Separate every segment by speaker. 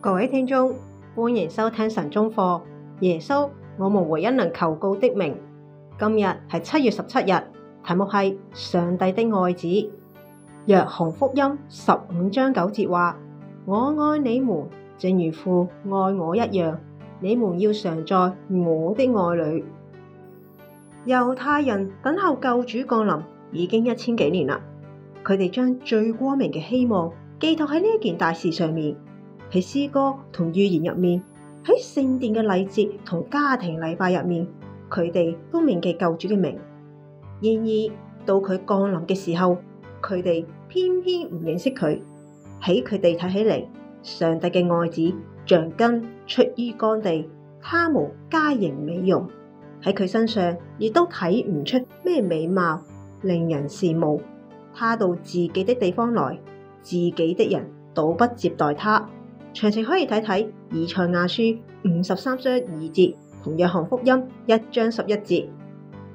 Speaker 1: 各位聽眾，歡迎收聽神中課。耶穌，我們唯一能求告的名。今日係七月十七日，題目係上帝的愛子。約翰福音十五章九節話：我愛你們，正如父愛我一樣。你們要常在我的愛裏。猶太人等候救主降臨已經一千幾年啦，佢哋將最光明嘅希望寄託喺呢件大事上面。喺詩歌同寓言入面，喺聖殿嘅禮節同家庭禮拜入面，佢哋都銘記救主嘅名。然而到佢降臨嘅時候，佢哋偏偏唔認識佢。喺佢哋睇起嚟，上帝嘅愛子像根出於乾地，他無佳形美容喺佢身上，亦都睇唔出咩美貌令人羨慕。他到自己的地方來，自己的人倒不接待他。詳情可以睇睇《以賽亞書》五十三章二節同《約翰福音》一章十一節。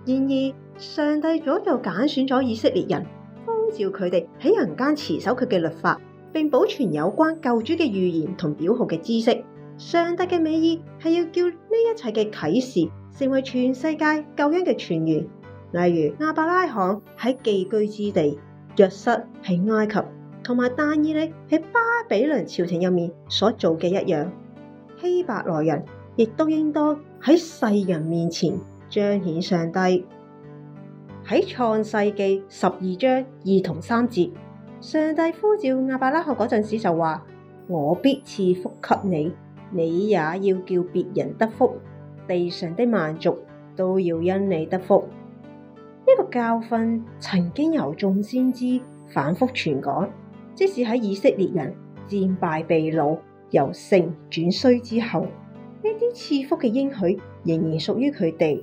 Speaker 1: 然而，上帝早就揀選咗以色列人，光照佢哋喺人間持守佢嘅律法，並保存有關救主嘅預言同表號嘅知識。上帝嘅美意係要叫呢一切嘅啟示成為全世界救恩嘅泉源。例如，亞伯拉罕喺寄居之地，約瑟喺埃及。同埋但以理喺巴比倫朝廷入面所做嘅一樣，希伯來人亦都應當喺世人面前彰顯上帝。喺創世記十二章二同三節，上帝呼召亞伯拉罕嗰陣時就話：我必賜福給你，你也要叫別人得福，地上的萬族都要因你得福。呢、這個教訓曾經由眾先知反復傳講。即使喺以色列人戰敗被擄，由盛轉衰之後，呢啲賜福嘅應許仍然屬於佢哋。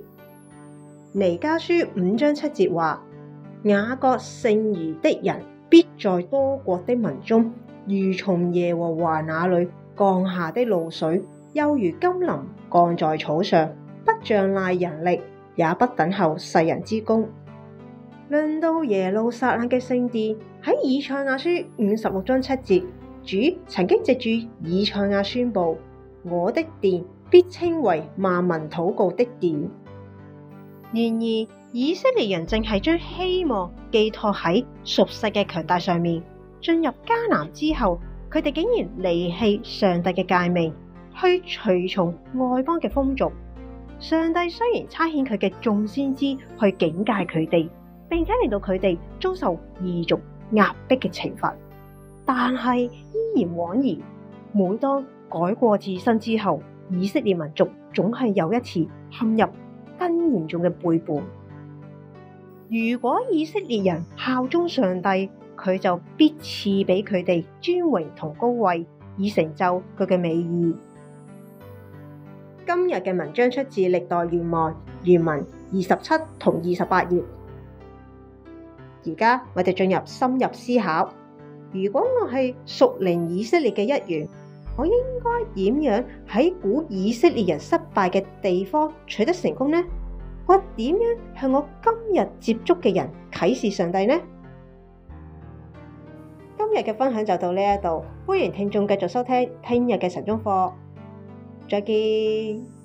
Speaker 1: 彌迦書五章七節話：雅各剩餘的人，必在多國的民中，如從耶和華那裏降下的露水，又如甘霖降在草上，不仗賴人力，也不等候世人之功。」論到耶路撒冷嘅聖殿，喺以賽亞書五十六章七節，主曾經藉住以賽亞宣布：我的殿必稱為萬民禱告的殿。然而，以色列人淨係將希望寄託喺俗世嘅強大上面。進入迦南之後，佢哋竟然離棄上帝嘅誡命，去隨從外邦嘅風俗。上帝雖然差遣佢嘅眾先知去警戒佢哋。並且令到佢哋遭受異族壓迫嘅懲罰，但係依然枉然。每當改過自新之後，以色列民族總係又一次陷入更嚴重嘅背叛。如果以色列人效忠上帝，佢就必賜俾佢哋尊榮同高位，以成就佢嘅美意。今日嘅文章出自《歷代願望》原文二十七同二十八頁。而家我哋進入深入思考。如果我係屬靈以色列嘅一員，我應該點樣喺古以色列人失敗嘅地方取得成功呢？我點樣向我今日接觸嘅人啟示上帝呢？今日嘅分享就到呢一度，歡迎聽眾繼續收聽聽日嘅神中課。再見。